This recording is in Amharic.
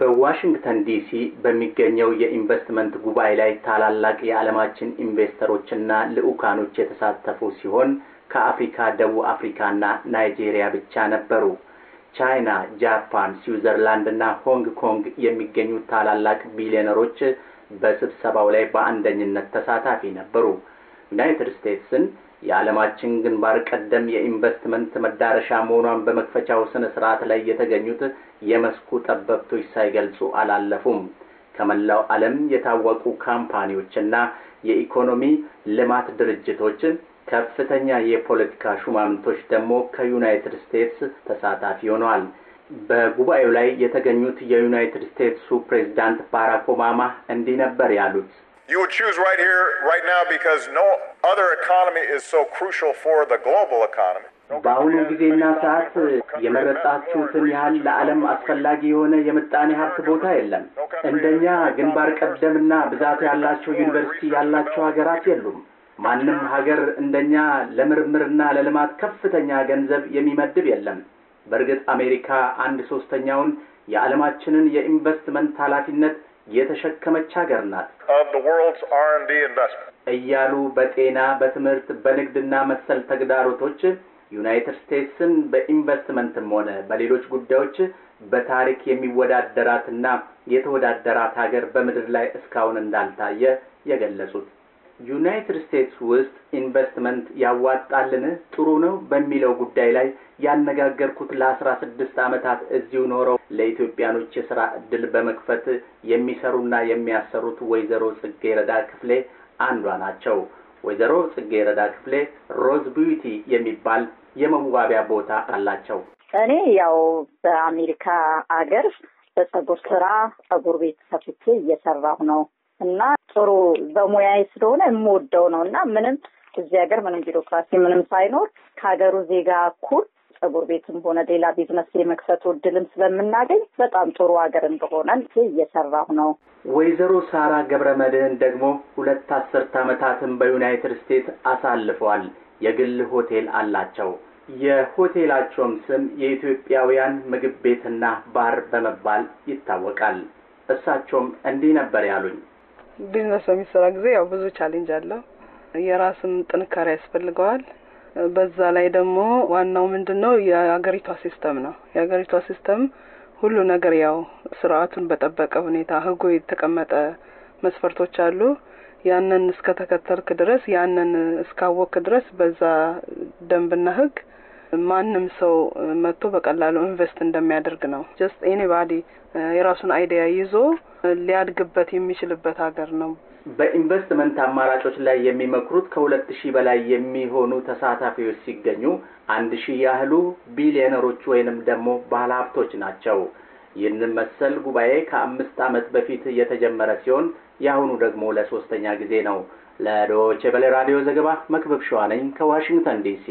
በዋሽንግተን ዲሲ በሚገኘው የኢንቨስትመንት ጉባኤ ላይ ታላላቅ የዓለማችን ኢንቨስተሮችና ልዑካኖች የተሳተፉ ሲሆን ከአፍሪካ ደቡብ አፍሪካና ናይጄሪያ ብቻ ነበሩ። ቻይና፣ ጃፓን፣ እና ሆንግ ኮንግ የሚገኙ ታላላቅ ቢሊዮነሮች በስብሰባው ላይ በአንደኝነት ተሳታፊ ነበሩ። ዩናይትድ ስቴትስን የዓለማችን ግንባር ቀደም የኢንቨስትመንት መዳረሻ መሆኗን በመክፈቻው ስነ ስርዓት ላይ የተገኙት የመስኩ ጠበብቶች ሳይገልጹ አላለፉም። ከመላው ዓለም የታወቁ ካምፓኒዎችና የኢኮኖሚ ልማት ድርጅቶች ከፍተኛ የፖለቲካ ሹማምንቶች ደግሞ ከዩናይትድ ስቴትስ ተሳታፊ ሆነዋል። በጉባኤው ላይ የተገኙት የዩናይትድ ስቴትሱ ፕሬዚዳንት ባራክ ኦባማ እንዲህ ነበር ያሉት። You would choose right here, right now, because no other economy is so crucial for the global economy. በአሁኑ ጊዜና ሰዓት የመረጣችሁትን ያህል ለዓለም አስፈላጊ የሆነ የምጣኔ ሀብት ቦታ የለም። እንደኛ ግንባር ቀደምና ብዛት ያላቸው ዩኒቨርሲቲ ያላቸው ሀገራት የሉም። ማንም ሀገር እንደኛ ለምርምርና ለልማት ከፍተኛ ገንዘብ የሚመድብ የለም። በእርግጥ አሜሪካ አንድ ሶስተኛውን የዓለማችንን የኢንቨስትመንት ኃላፊነት የተሸከመች ሀገር ናት እያሉ በጤና በትምህርት፣ በንግድና መሰል ተግዳሮቶች ዩናይትድ ስቴትስን በኢንቨስትመንትም ሆነ በሌሎች ጉዳዮች በታሪክ የሚወዳደራትና የተወዳደራት ሀገር በምድር ላይ እስካሁን እንዳልታየ የገለጹት ዩናይትድ ስቴትስ ውስጥ ኢንቨስትመንት ያዋጣልን ጥሩ ነው በሚለው ጉዳይ ላይ ያነጋገርኩት ለአስራ ስድስት ዓመታት እዚሁ ኖረው ለኢትዮጵያኖች የስራ እድል በመክፈት የሚሰሩና የሚያሰሩት ወይዘሮ ጽጌ ረዳ ክፍሌ አንዷ ናቸው። ወይዘሮ ጽጌ ረዳ ክፍሌ ሮዝ ቢዩቲ የሚባል የመዋቢያ ቦታ አላቸው። እኔ ያው በአሜሪካ አገር በጸጉር ስራ ጸጉር ቤት ከፍቼ እየሰራሁ ነው። እና ጥሩ በሙያዬ ስለሆነ የምወደው ነው እና ምንም እዚህ ሀገር ምንም ቢሮክራሲ ምንም ሳይኖር ከሀገሩ ዜጋ እኩል ጸጉር ቤትም ሆነ ሌላ ቢዝነስ የመክፈት እድልም ስለምናገኝ በጣም ጥሩ ሀገር እንደሆነ እየሰራሁ ነው። ወይዘሮ ሳራ ገብረ መድህን ደግሞ ሁለት አስርት ዓመታትን በዩናይትድ ስቴትስ አሳልፈዋል። የግል ሆቴል አላቸው። የሆቴላቸውም ስም የኢትዮጵያውያን ምግብ ቤትና ባር በመባል ይታወቃል። እሳቸውም እንዲህ ነበር ያሉኝ። ቢዝነስ በሚሰራ ጊዜ ያው ብዙ ቻሌንጅ አለው። የራስም ጥንካሬ ያስፈልገዋል። በዛ ላይ ደግሞ ዋናው ምንድን ነው የሀገሪቷ ሲስተም ነው። የሀገሪቷ ሲስተም ሁሉ ነገር ያው ስርዓቱን በጠበቀ ሁኔታ ህጉ የተቀመጠ መስፈርቶች አሉ። ያንን እስከተከተልክ ድረስ ያንን እስካወቅክ ድረስ በዛ ደንብና ህግ ማንም ሰው መጥቶ በቀላሉ ኢንቨስት እንደሚያደርግ ነው። ጀስት ኤኒባዲ የራሱን አይዲያ ይዞ ሊያድግበት የሚችልበት ሀገር ነው። በኢንቨስትመንት አማራጮች ላይ የሚመክሩት ከሁለት ሺህ በላይ የሚሆኑ ተሳታፊዎች ሲገኙ አንድ ሺህ ያህሉ ቢሊዮነሮች ወይንም ደግሞ ባለሀብቶች ናቸው። ይህንን መሰል ጉባኤ ከአምስት ዓመት በፊት የተጀመረ ሲሆን የአሁኑ ደግሞ ለሶስተኛ ጊዜ ነው። ለዶቼ ቬለ ራዲዮ ዘገባ መክበብ ሸዋነኝ ከዋሽንግተን ዲሲ